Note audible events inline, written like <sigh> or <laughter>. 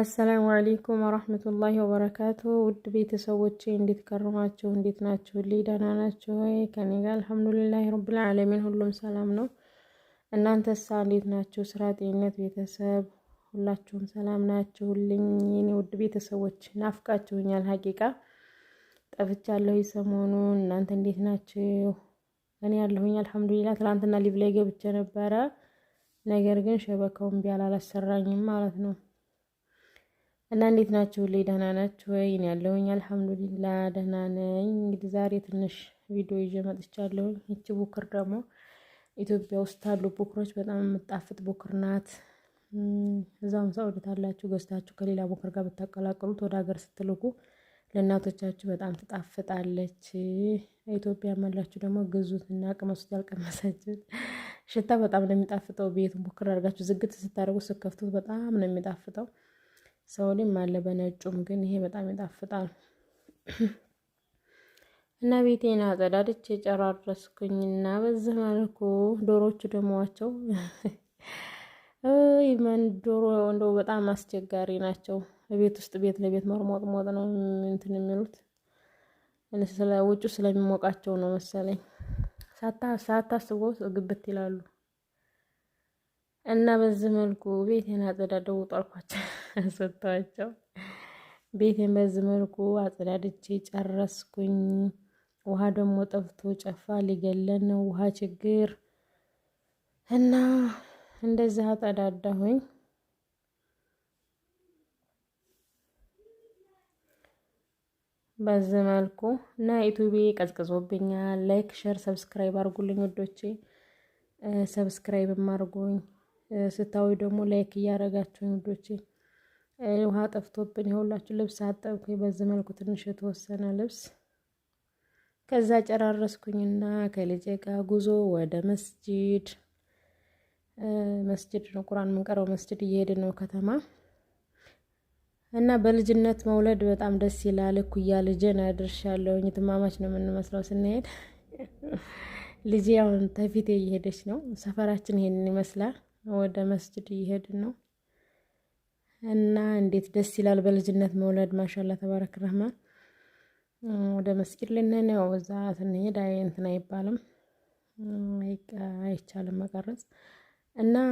አሰላሙ አሌይኩም ወረህመቱላሂ ወበረካቱ። ውድ ቤተሰቦቼ እንዴት ከረማችሁ? እንዴት ናችሁ? ልይ ደህና ናችሁ ወይ? ከኔ ጋር አልሐምዱሊላሂ ረብል ዓለሚን ሁሉም ሰላም ነው። እናንተሳ እንዴት ናችሁ? ስራ፣ ጤንነት፣ ቤተሰብ ሁላችሁም ሰላም ናችሁልኝ? የኔ ውድ ቤተሰቦች ናፍቃችሁኛል። ሀቂቃ ጠፍቻለሁ ሰሞኑን። እናንተ እንዴት ናችሁ? እኔ ያለሁኝ አልሐምዱሊላ። ትናንትና ሊቭ ላይ ገብቼ ነበረ፣ ነገር ግን ሸበካውን ቢያል አላሰራኝም ማለት ነው እና እንዴት ናችሁ? ሁሌ ደህና ናችሁ ወይ? እኔ ያለሁኝ አልሐምዱሊላ ደህና ነኝ። እንግዲህ ዛሬ ትንሽ ቪዲዮ ይዤ መጥቻለሁ። ይቺ ቡክር ደግሞ ኢትዮጵያ ውስጥ ካሉ ቡክሮች በጣም የምጣፍጥ ቡክር ናት። እዛም ሰው ታላችሁ ገዝታችሁ ከሌላ ቡክር ጋር ብታቀላቅሉት ወደ ሀገር ስትልኩ ለእናቶቻችሁ በጣም ትጣፍጣለች። ኢትዮጵያ ያላችሁ ደግሞ ግዙት እና ቅመሱት። ያልቀመሳችሁት ሽታ በጣም ነው የሚጣፍጠው። ቤቱን ቡክር አድርጋችሁ ዝግት ስታደርጉ ስከፍቱት በጣም ነው የሚጣፍጠው። ሰውድም አለ በነጩም ግን ይሄ በጣም ይጣፍጣል። እና ቤቴን አጸዳድቼ እና በዚህ መልኩ ዶሮቹ ደሞዋቸው ይመን ዶሮ እንደው በጣም አስቸጋሪ ናቸው። ቤት ውስጥ ቤት ለቤት መርሞጥሞጥ ነው እንትን የሚሉት ስለ ውጩ ስለሚሞቃቸው ነው መሰለኝ። ሳታስቦ ግብት ይላሉ። እና በዚህ መልኩ ቤቴን አጸዳደው ጠርኳቸው ሰጥተዋቸው <laughs> ቤቴን በዚህ መልኩ አጸዳድቼ ጨረስኩኝ። ውሃ ደግሞ ጠፍቶ ጨፋ ሊገለን ነው ውሃ ችግር እና እንደዚህ አጸዳዳሁኝ። በዚህ መልኩ እና ዩቱቤ ቀዝቅዞብኛል። ላይክ፣ ሸር፣ ሰብስክራይብ አርጉልኝ ወዶቼ፣ ሰብስክራይብ አድርጉኝ። ስታዩ ደግሞ ላይክ እያደረጋችሁኝ ውዶቼ ውሃ ጠፍቶብን የሁላችሁ ልብስ አጠብኩኝ። በዚህ መልኩ ትንሽ የተወሰነ ልብስ ከዛ ጨራረስኩኝና ከልጄ ጋር ጉዞ ወደ መስጂድ መስጅድ ነው ቁርአን የምንቀረው መስጅድ እየሄድን ነው ከተማ እና በልጅነት መውለድ በጣም ደስ ይላል። እኩያ ልጄን አድርሻለሁኝ። ትማማች ነው የምንመስለው ስንሄድ። ልጄ አሁን ተፊቴ እየሄደች ነው። ሰፈራችን ይሄንን ይመስላል። ወደ መስጅድ እየሄድን ነው እና እንዴት ደስ ይላል በልጅነት መውለድ። ማሻላ ተባረክ ረህማን። ወደ መስጊድ ልንን ነው። እዛ ስንሄድ እንትን አይባልም አይቻልም መቀረጽ እና